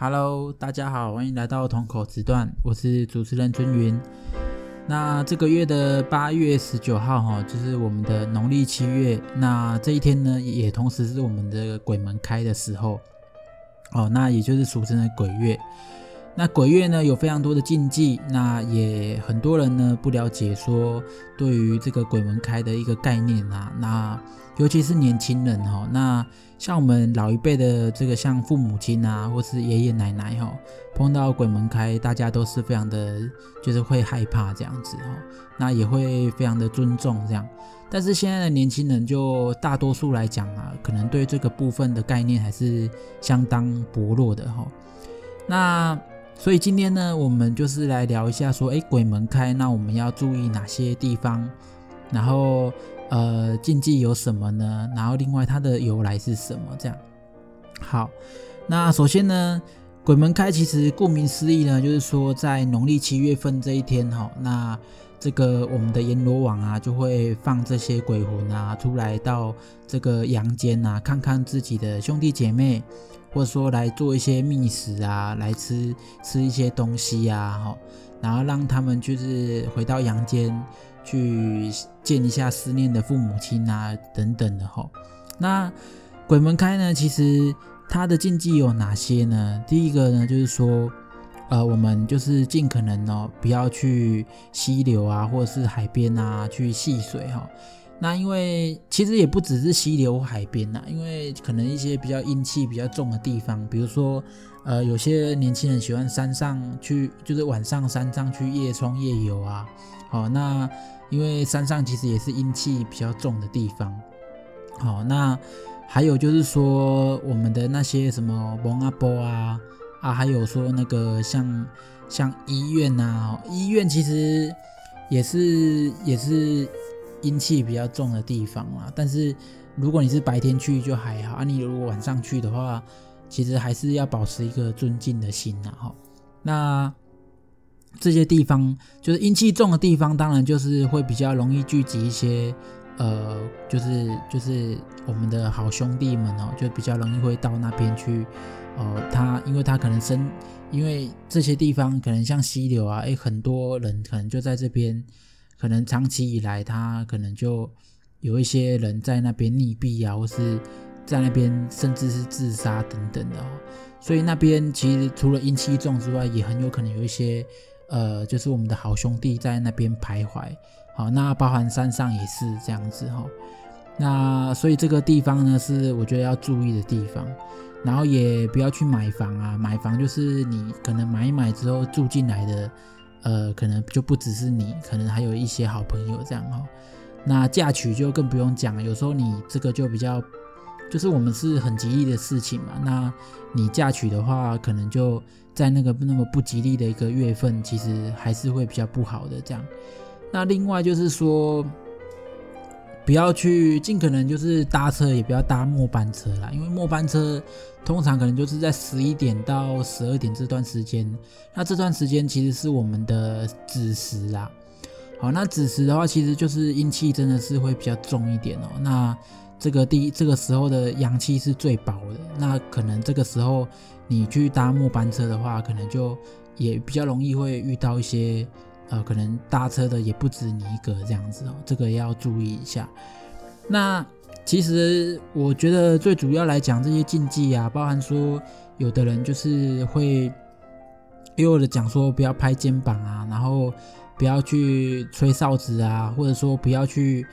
Hello，大家好，歡迎來到同口詞段，我是主持人尊雲。那這個月的八月十九號，哈，就是我們的農曆七月。那這一天呢，也同時是我們的鬼門開的時候，哦，那也就是俗稱的鬼月。那鬼月呢，有非常多的禁忌，那也很多人呢不了解說對於這個鬼門開的一個概念啊，那尤其是年輕人齁，那像我們老一輩的這個像父母親啊或是爺爺奶奶齁，碰到鬼門開大家都是非常的就是會害怕這樣子齁，那也會非常的尊重這樣，但是現在的年輕人就大多數來講啊，可能對這個部分的概念還是相當薄弱的齁，那。所以今天呢，我們就是來聊一下，說，欸，鬼門開，那我們要注意哪些地方？然後，呃，禁忌有什麼呢？然後，另外它的由來是什麼？這樣。好，那首先呢，鬼門開其實顧名思義呢，就是說在農曆七月份這一天，哈，那這個我們的閻羅王啊，就會放這些鬼魂啊出來到這個陽間啊，看看自己的兄弟姐妹。或者說來做一些覓食啊，來吃吃一些東西啊，然後讓他們就是回到陽間去見一下思念的父母親啊等等的哈。那鬼門開呢，其實它的禁忌有哪些呢？第一個呢，就是說，呃，我們就是盡可能哦不要去溪流啊，或者是海邊啊去戲水哈、啊。那因為其實也不只是溪流海邊吶、啊，因為可能一些比較陰氣比較重的地方，比如說，呃，有些年輕人喜歡山上去，就是晚上山上去夜衝夜遊啊。好、哦，那因為山上其實也是陰氣比較重的地方。好、哦，那還有就是說我們的那些什麼墓仔埔啊啊，啊還有說那個像像醫院啊，醫院其實也是也是。陰氣比較重的地方啊，但是如果你是白天去就還好啊，你如果晚上去的話，其實還是要保持一個尊敬的心啊哦，那這些地方就是陰氣重的地方，當然就是會比較容易聚集一些，呃，就是就是我們的好兄弟們哦，就比較容易會到那邊去，呃，他因為他可能生，因為這些地方可能像溪流啊，哎，欸，很多人可能就在這邊。可能長期以來，他可能就有一些人在那邊溺斃啊，或是，在那邊甚至是自殺等等的，所以那邊其實除了陰氣重之外，也很有可能有一些，呃，就是我們的好兄弟在那邊徘徊。好，那包含山上也是這樣子哈。那所以這個地方呢，是我覺得要注意的地方，然後也不要去買房啊，買房就是你可能買一買之後住進來的。呃，可能就不只是你，可能還有一些好朋友這樣哈。那嫁娶就更不用講，有時候你這個就比較，就是我們是很吉利的事情嘛。那你嫁娶的話，可能就在那個那麼不吉利的一個月份，其實還是會比較不好的這樣。那另外就是說。不要去，盡可能就是搭車，也不要搭末班車啦。因為末班車通常可能就是在十一點到十二點這段時間，那這段時間其實是我們的子時啦。好，那子時的話，其實就是陰氣真的是會比較重一點哦。那這個第一，這個時候的陽氣是最薄的，那可能這個時候你去搭末班車的話，可能就也比較容易會遇到一些。呃，可能搭車的也不止你一個這樣子哦，這個要注意一下。那其實我覺得最主要來講，這些禁忌啊，包含說有的人就是會，又或者講說，不要拍肩膀啊，然後不要去吹哨子啊，或者說不要去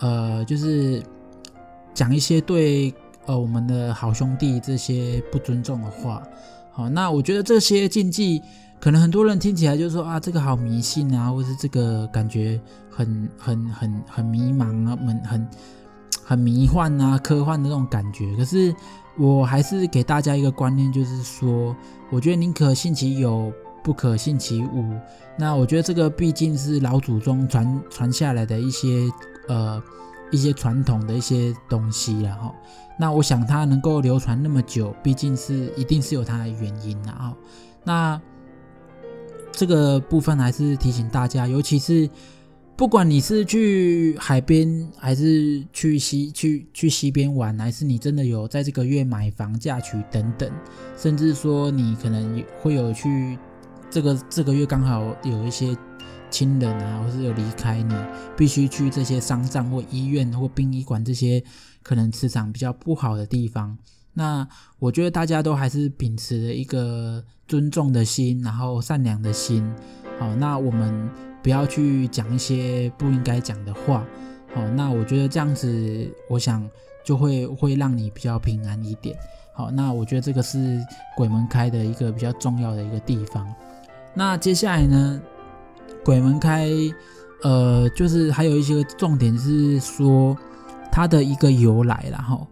呃，就是講一些對呃我們的好兄弟這些不尊重的話。好、哦，那我覺得這些禁忌。可能很多人聽起來就說啊，這個好迷信啊，或是這個感覺很很很很迷茫啊，很很很迷幻啊，科幻的那種感覺。可是我還是給大家一個觀念，就是說，我覺得寧可信其有，不可信其無。那我覺得這個畢竟是老祖宗傳傳下來的一些呃一些傳統的一些東西，然後那我想它能夠流傳那麼久，畢竟是一定是有它的原因的啊。那這個部分還是提醒大家，尤其是不管你是去海邊，還是去西去去西邊玩，還是你真的有在這個月買房嫁娶等等，甚至說你可能會有去這個這個月剛好有一些親人啊，或是有離開你，必須去這些喪葬或醫院或殯儀館這些可能磁場比較不好的地方。那我覺得大家都還是秉持着一個尊重的心，然後善良的心，好，那我們不要去講一些不應該講的話，好，那我覺得這樣子，我想就會會讓你比較平安一點，好，那我覺得這個是鬼門開的一個比較重要的一個地方。那接下來呢，鬼門開，呃，就是還有一些重點是說它的一個由來啦，然後。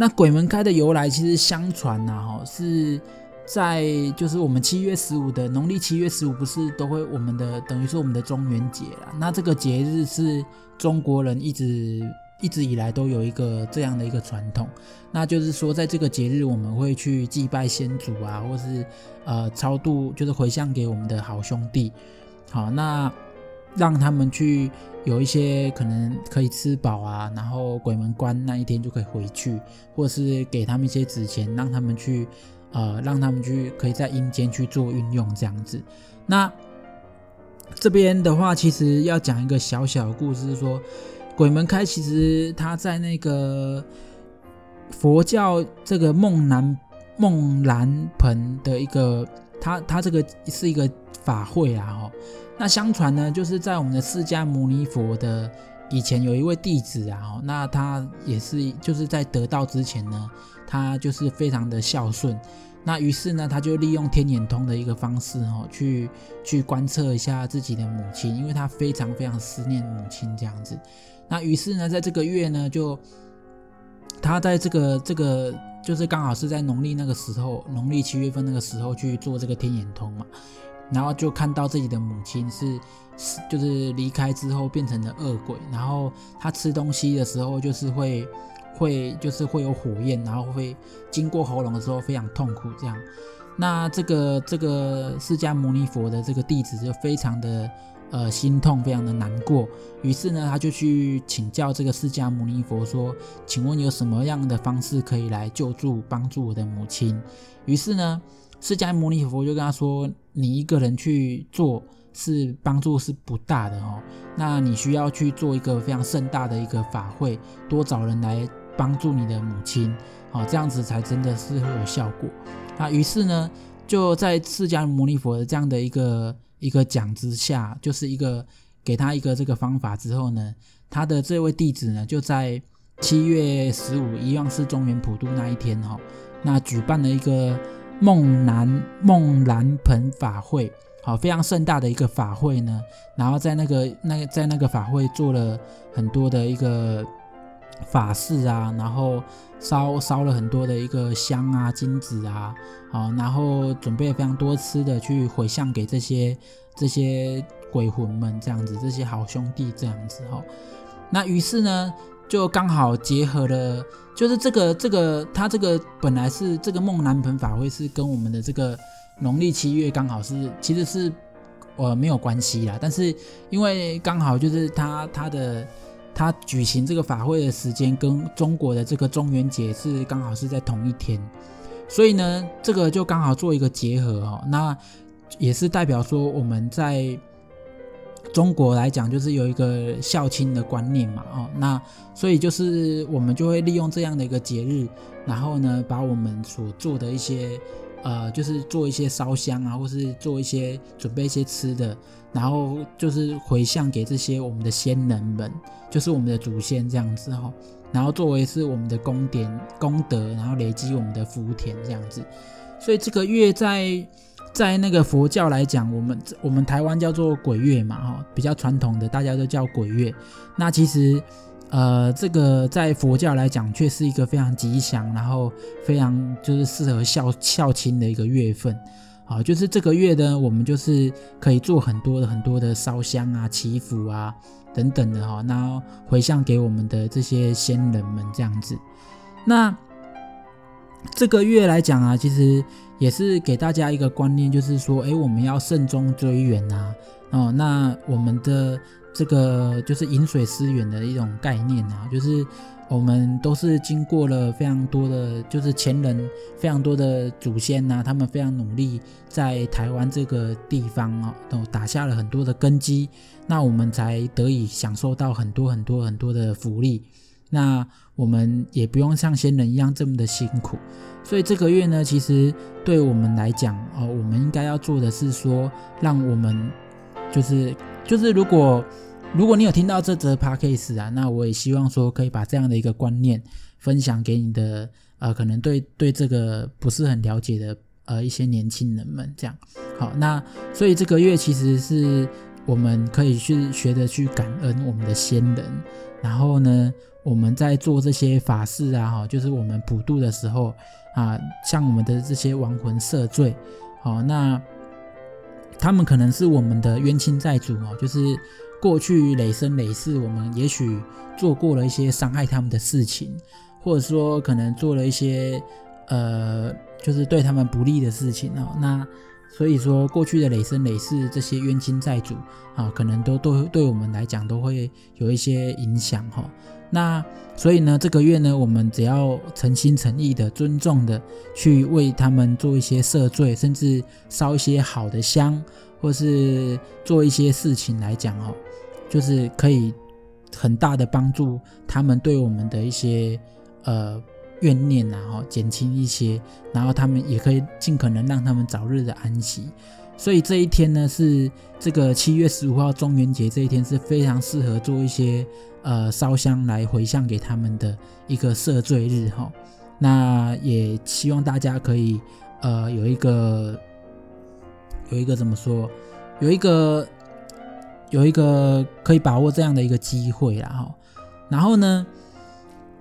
那鬼門開的由來，其實相傳吶，哈，是在就是我們七月十五的農曆七月十五，不是都會我們的等於說我們的中元節了。那這個節日是中國人一直一直以來都有一個這樣的一個傳統，那就是說在這個節日我們會去祭拜先祖啊，或是呃超度，就是迴向給我們的好兄弟。好，那。讓他們去有一些可能可以吃飽啊，然後鬼門關那一天就可以回去，或是給他們一些紙錢，讓他們去，呃，讓他們去可以在陰間去做運用這樣子。那這邊的話，其實要講一個小小的故事，是說鬼門開，其實他在那個佛教這個盂蘭盂蘭盆的一個，他他這個是一個。法會啊，吼，那相傳呢，就是在我們的釋迦牟尼佛的以前有一位弟子啊、哦，吼，那他也是就是在得道之前呢，他就是非常的孝順，那於是呢，他就利用天眼通的一個方式、哦，吼，去去觀測一下自己的母親，因為他非常非常思念母親這樣子，那於是呢，在這個月呢，就他在這個這個就是剛好是在農曆那個時候，農曆七月份那個時候去做這個天眼通嘛。然後就看到自己的母親是，是就是離開之後變成了惡鬼，然後他吃東西的時候就是會，會就是會有火焰，然後會經過喉嚨的時候非常痛苦這樣。那這個這個釋迦牟尼佛的這個弟子就非常的呃心痛，非常的難過。於是呢，他就去請教這個釋迦牟尼佛說：“請問有什麼樣的方式可以來救助幫助我的母親？”於是呢。釋迦牟尼佛就跟他說：“你一個人去做是幫助是不大的哦，那你需要去做一個非常盛大的一個法會，多找人來幫助你的母親，哦，這樣子才真的是會有效果。”那於是呢，就在釋迦牟尼佛的這樣的一個一個講之下，就是一個給他一個這個方法之後呢，他的這位弟子呢，就在七月十五，一樣是中元普渡那一天哈、哦，那舉辦了一個。盂蘭盂蘭盆法會，好，非常盛大的一個法會呢。然後在那個、那個、在那個法會做了很多的一個法事啊，然後燒燒了很多的一個香啊、金紙啊，好，然後準備非常多吃的去回向給這些這些鬼魂們，這樣子，這些好兄弟這樣子哈。那於是呢，就剛好結合了，就是這個這個，他這個本來是這個盂蘭盆法會是跟我們的這個農曆七月剛好是，其實是呃沒有關係啦。但是因為剛好就是他他的他舉行這個法會的時間跟中國的這個中元節是剛好是在同一天，所以呢，這個就剛好做一個結合哦。那也是代表說我們在。中國來講，就是有一個孝親的觀念嘛，哦，那所以就是我們就會利用這樣的一個節日，然後呢，把我們所做的一些，呃，就是做一些燒香啊，或是做一些準備一些吃的，然後就是回向給這些我們的先人們，就是我們的祖先這樣子哈，然後作為是我們的功典、功德，然後累積我們的福田這樣子，所以這個月在。在那個佛教來講，我們我們台灣叫做鬼月嘛，哈，比較傳統的，大家都叫鬼月。那其實，呃，這個在佛教來講，卻是一個非常吉祥，然後非常就是適合孝孝親的一個月份。好，就是這個月呢，我們就是可以做很多的很多的燒香啊、祈福啊等等的哈，那回向給我們的這些先人們這樣子，那。這個月來講啊，其實也是給大家一個觀念，就是說，哎，我們要慎終追遠吶、啊，哦，那我們的這個就是飲水思源的一種概念啊，就是我們都是經過了非常多的，就是前人非常多的祖先吶、啊，他們非常努力，在台灣這個地方哦、啊，打下了很多的根基，那我們才得以享受到很多很多很多的福利。那我們也不用像先人一樣這麼的辛苦，所以這個月呢，其實對我們來講哦，我們應該要做的是說，讓我們就是就是，如果如果你有聽到這則 podcast 啊，那我也希望說可以把這樣的一個觀念分享給你的呃，可能對對這個不是很了解的呃一些年輕人們，這樣。好，那所以這個月其實是我們可以去學着去感恩我們的先人，然後呢，我們在做這些法事啊，就是我們普渡的時候啊，像我們的這些亡魂赦罪，啊，那他們可能是我們的冤親債主啊。就是過去累生累世，我們也許做過了一些傷害他們的事情，或者說可能做了一些呃，就是對他們不利的事情啊。那所以說過去的累生累世這些冤親債主啊，可能都對對我們來講都會有一些影響哈。那所以呢，這個月呢，我們只要誠心誠意的、尊重的去為他們做一些赦罪，甚至燒一些好的香，或是做一些事情來講哦，就是可以很大的幫助他們對我們的一些呃怨念然後、啊、哈，減輕一些，然後他們也可以盡可能讓他們早日的安息。所以這一天呢，是這個七月十五號中元節，這一天是非常適合做一些呃燒香來回向給他們的一個赦罪日哈。那也希望大家可以呃有一個有一個怎麼說，有一個有一個可以把握這樣的一個機會啦，然後然後呢。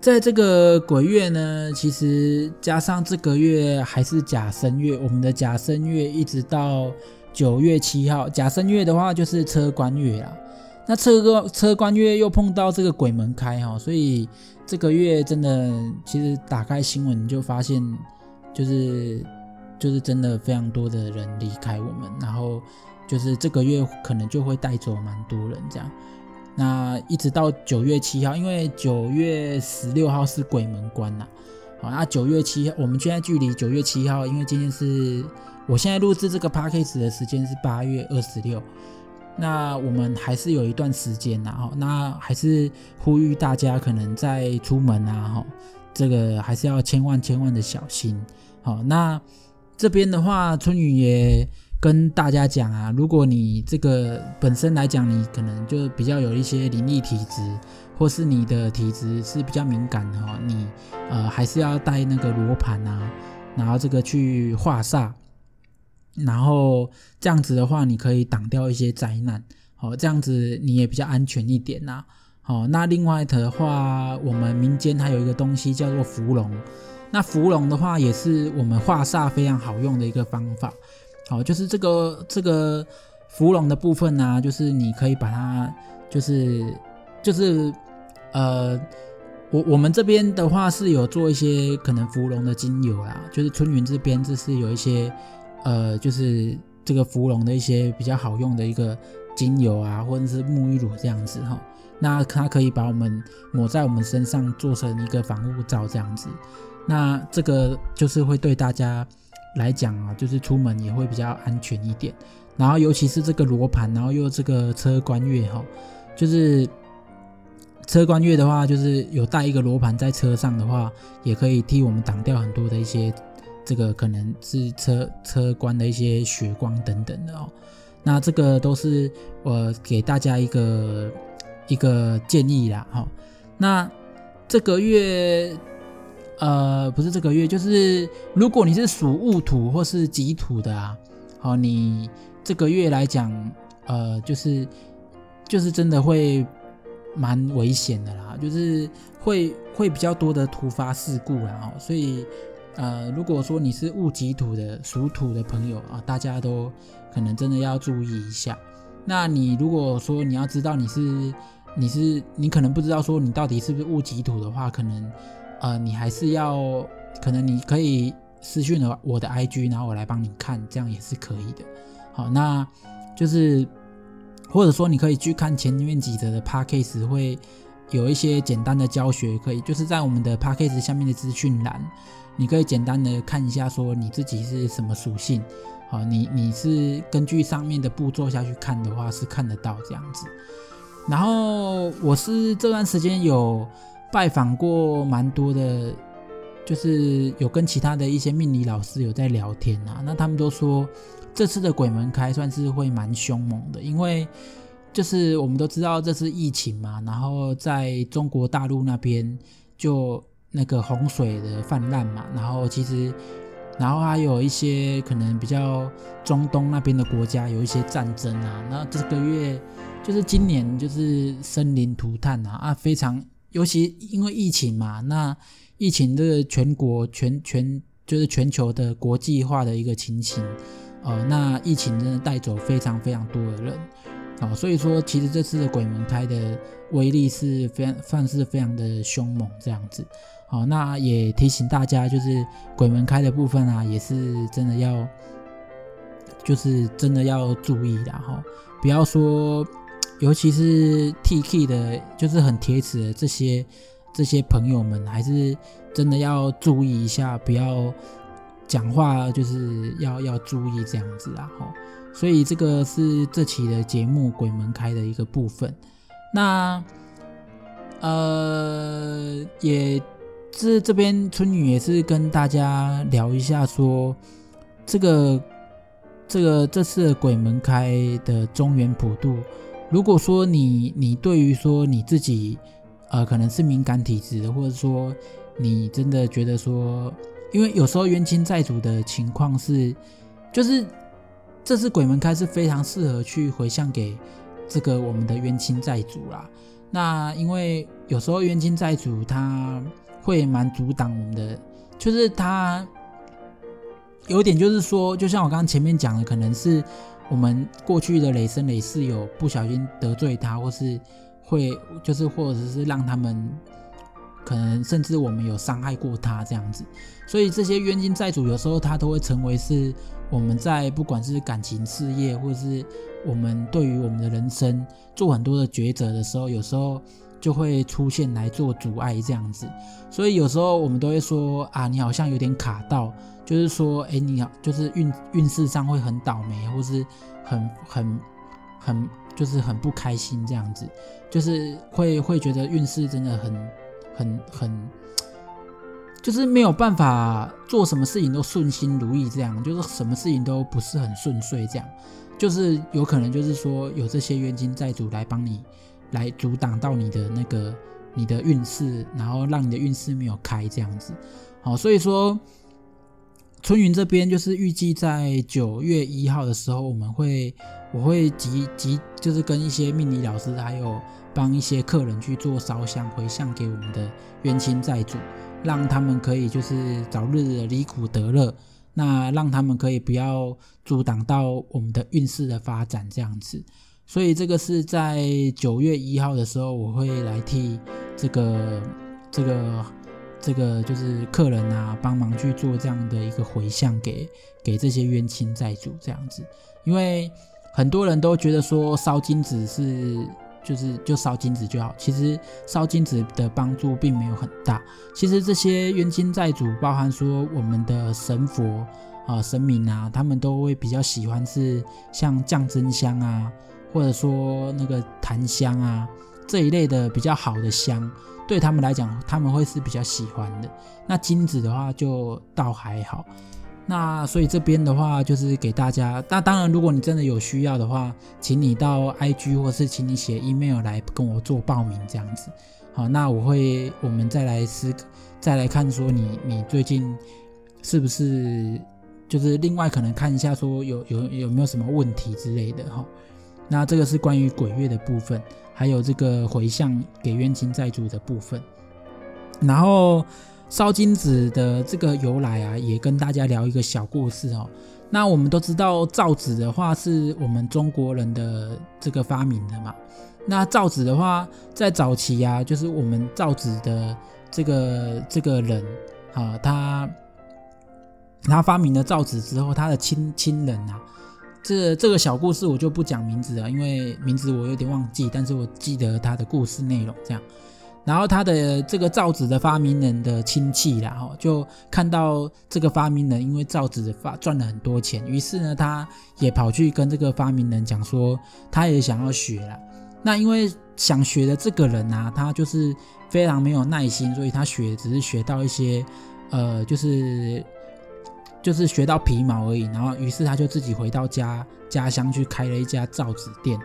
在這個鬼月呢，其實加上這個月還是甲申月，我們的甲申月一直到九月七號。甲申月的話就是車關月啦，那車，車關車關月又碰到這個鬼門開哈、哦，所以這個月真的其實打開新聞就發現，就是就是真的非常多的人離開我們，然後就是這個月可能就會帶走蠻多人這樣。那一直到九月七號，因為九月十六號是鬼門關啦。好，那九月七號，我們現在距離九月七號，因為今天是我現在錄製這個 podcast 的時間是八月二十六，那我們還是有一段時間啦，哈，那還是呼籲大家可能在出門啊，這個還是要千萬千萬的小心，好，那這邊的話，春雨也。跟大家講啊，如果你這個本身來講，你可能就比較有一些靈力體質，或是你的體質是比較敏感哈、哦，你呃還是要帶那個羅盤啊，然後這個去化煞，然後這樣子的話，你可以擋掉一些災難，哦，這樣子你也比較安全一點吶、啊。哦，那另外的話，我們民間還有一個東西叫做芙蓉，那芙蓉的話也是我們化煞非常好用的一個方法。好，就是這個這個芙蓉的部分啊，就是你可以把它，就是，就是就是呃，我我們這邊的話是有做一些可能芙蓉的精油啦，啊，就是春雲這邊就是有一些呃，就是這個芙蓉的一些比較好用的一個精油啊，或者是沐浴乳這樣子哈，哦，那它可以把我們抹在我們身上，做成一個防護罩這樣子，那這個就是會對大家。來講啊，就是出門也會比較安全一點，然後尤其是這個羅盤，然後又這個車關月哈、哦，就是車關月的話，就是有帶一個羅盤在車上的話，也可以替我們擋掉很多的一些這個可能是車車關的一些血光等等的哦。那這個都是我給大家一個一個建議啦哈。那這個月。呃，不是這個月，就是如果你是屬戊土或是己土的啊，好、哦，你這個月來講，呃，就是就是真的會蠻危險的啦，就是會會比較多的突發事故啦，哦，所以呃，如果說你是戊己土的屬土的朋友啊、哦，大家都可能真的要注意一下。那你如果說你要知道你是你是你可能不知道說你到底是不是戊己土的話，可能。呃，你還是要，可能你可以私訊了我的 IG，然後我來幫你看，這樣也是可以的。好，那就是或者說你可以去看前面幾則的 podcast，會有一些簡單的教學，可以就是在我們的 podcast 下面的資訊欄，你可以簡單的看一下，說你自己是什麼屬性。好，你你是根據上面的步驟下去看的話，是看得到這樣子。然後我是這段時間有。拜訪過蠻多的，就是有跟其他的一些命理老師有在聊天啊。那他們都說，這次的鬼門開算是會蠻兇猛的，因為就是我們都知道這次疫情嘛，然後在中國大陸那邊就那個洪水的氾濫嘛，然後其實，然後還有一些可能比較中東那邊的國家有一些戰爭啊，那這個月就是今年就是生靈塗炭啊啊，非常。尤其因為疫情嘛，那疫情這個全國全全就是全球的國際化的一個情形，哦、呃，那疫情真的帶走非常非常多的人，哦，所以說其實這次的鬼門開的威力是非常算是非常的凶猛這樣子，好、哦，那也提醒大家，就是鬼門開的部分啊，也是真的要，就是真的要注意啦、哦，齁不要說。尤其是 TK 的，就是很鐵齒的這些這些朋友們，還是真的要注意一下，不要講話，就是要要注意這樣子啊！所以這個是這期的節目《鬼門開》的一個部分。那呃，也是這這邊春雨也是跟大家聊一下說，說這個這個這次《鬼門開》的中元普渡。如果說你你對於說你自己，呃，可能是敏感體質的，或者說你真的覺得說，因為有時候冤親債主的情況是，就是這次鬼門開是非常適合去回向給這個我們的冤親債主啦。那因為有時候冤親債主他會蠻阻擋我們的，就是他有點就是說，就像我剛剛前面講的，可能是。我們過去的累生累世，有不小心得罪他，或是會就是或者是讓他們可能甚至我們有傷害過他這樣子，所以這些冤親債主有時候他都會成為是我們在不管是感情、事業，或是我們對於我們的人生做很多的抉擇的時候，有時候。就會出現來做阻礙這樣子，所以有時候我們都會說啊，你好像有點卡到，就是說，哎，你好，就是運運勢上會很倒霉，或是很、很、很就是很不開心這樣子，就是會會覺得運勢真的很、很、很，就是沒有辦法做什麼事情都順心如意，這樣就是什麼事情都不是很順遂，這樣就是有可能就是說有這些冤親債主來幫你。來阻擋到你的那個你的運勢，然後讓你的運勢沒有開這樣子。好，所以說春云這邊就是預計在九月一號的時候，我們會我會積極就是跟一些命理老師，還有幫一些客人去做燒香回向給我們的冤親債主，讓他們可以就是早日離苦得樂，那讓他們可以不要阻擋到我們的運勢的發展這樣子。所以這個是在九月一號的時候，我會來替這個、這個、這個就是客人啊，幫忙去做這樣的一個迴向，給給這些冤親債主這樣子。因為很多人都覺得說燒金紙是就是就燒金紙就好，其實燒金紙的幫助並沒有很大。其實這些冤親債主，包含說我們的神佛啊、神明啊，他們都會比較喜歡是像降真香啊。或者說那個檀香啊，這一類的比較好的香，對他們來講，他們會是比較喜歡的。那金子的話就倒還好。那所以這邊的話就是給大家，那當然如果你真的有需要的話，請你到 IG 或是請你寫 email 來跟我做報名這樣子。好，那我會我們再來試、再來看說你你最近是不是，就是另外可能看一下說有有有沒有什麼問題之類的哈。那這個是關於鬼月的部分，還有這個回向給冤親債主的部分，然後燒金紙的這個由來啊，也跟大家聊一個小故事哦。那我們都知道造紙的話，是我們中國人的這個發明的嘛。那造紙的話，在早期啊，就是我們造紙的這個這個人啊，他他發明了造紙之後，他的親親人啊。這這個小故事我就不講名字了，因為名字我有點忘記，但是我記得它的故事內容這樣。然後他的這個造紙的發明人的親戚啦，然後就看到這個發明人因為造紙发賺了很多錢，於是呢，他也跑去跟這個發明人講說，他也想要學了。那因為想學的這個人啊，他就是非常沒有耐心，所以他學只是學到一些，呃，就是。就是學到皮毛而已，然後於是他就自己回到家家鄉去開了一家造紙店，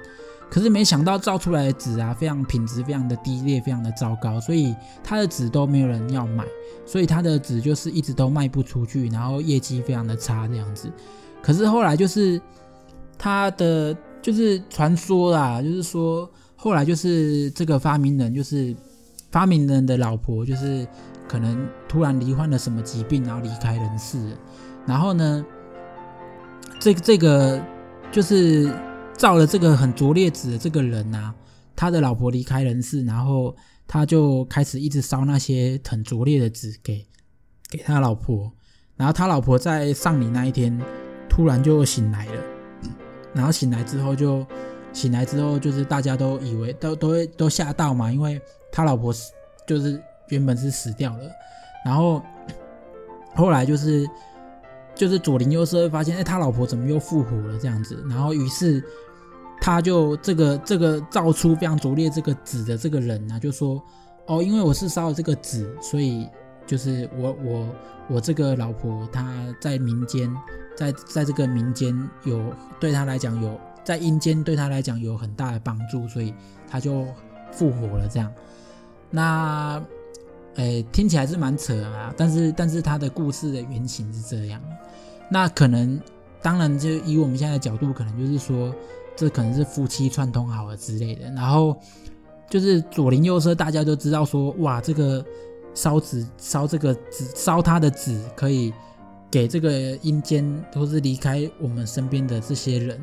可是沒想到造出來的紙啊，非常品質非常的低劣，非常的糟糕，所以他的紙都沒有人要買，所以他的紙就是一直都賣不出去，然後業績非常的差這樣子。可是後來就是他的就是傳說啦，就是說後來就是這個發明人就是發明人的老婆就是可能突然罹患了什麼疾病，然後離開人世了。然後呢，這個、這個就是造了這個很拙劣紙的這個人啊，他的老婆離開人世，然後他就開始一直燒那些很拙劣的紙給給他老婆。然後他老婆在喪禮那一天突然就醒來了，然後醒來之後就醒來之後就是大家都以為都都會都嚇到嘛，因為他老婆就是原本是死掉了，然後後來就是。就是左鄰右舍會發現，哎，他老婆怎麼又復活了這樣子？然後於是他就這個這個造出非常拙劣這個紙的這個人呢，她就說，哦，因為我是燒了這個紙，所以就是我我我這個老婆她在民間，在在這個民間有對他來講有在陰間對他來講有很大的幫助，所以他就復活了這樣。那。誒，聽起來是蠻扯的啊，但是但是他的故事的原型是這樣的，那可能當然就以我們現在的角度，可能就是說這可能是夫妻串通好了之類的，然後就是左鄰右舍大家都知道說，哇，這個燒紙燒這個紙燒他的紙可以給這個陰間或是離開我們身邊的這些人，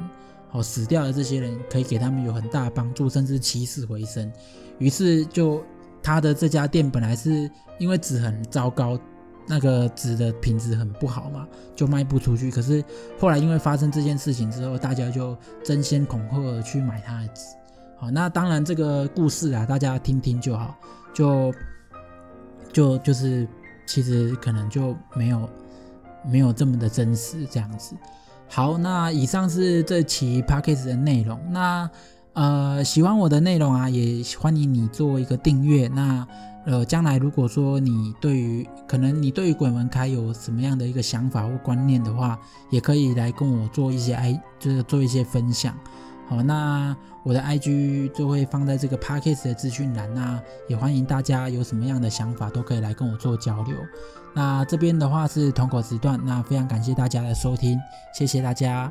哦，死掉的這些人可以給他們有很大的幫助，甚至起死回生，於是就。他的這家店本來是因為紙很糟糕，那個紙的品質很不好嘛，就賣不出去。可是後來因為發生這件事情之後，大家就爭先恐後的去買他的紙。好，那當然這個故事啊，大家聽聽就好，就就就是其實可能就沒有沒有這麼的真實這樣子。好，那以上是這期 podcast 的內容。那呃，喜歡我的內容啊，也歡迎你做一個訂閱。那呃，將來如果說你對於可能你對於鬼門開有什麼樣的一個想法或觀念的話，也可以來跟我做一些就是做一些分享。好，那我的 IG 就會放在這個 Podcast 的資訊欄啊，那也歡迎大家有什麼樣的想法都可以來跟我做交流。那這邊的話是同口時段，那非常感謝大家的收聽，謝謝大家。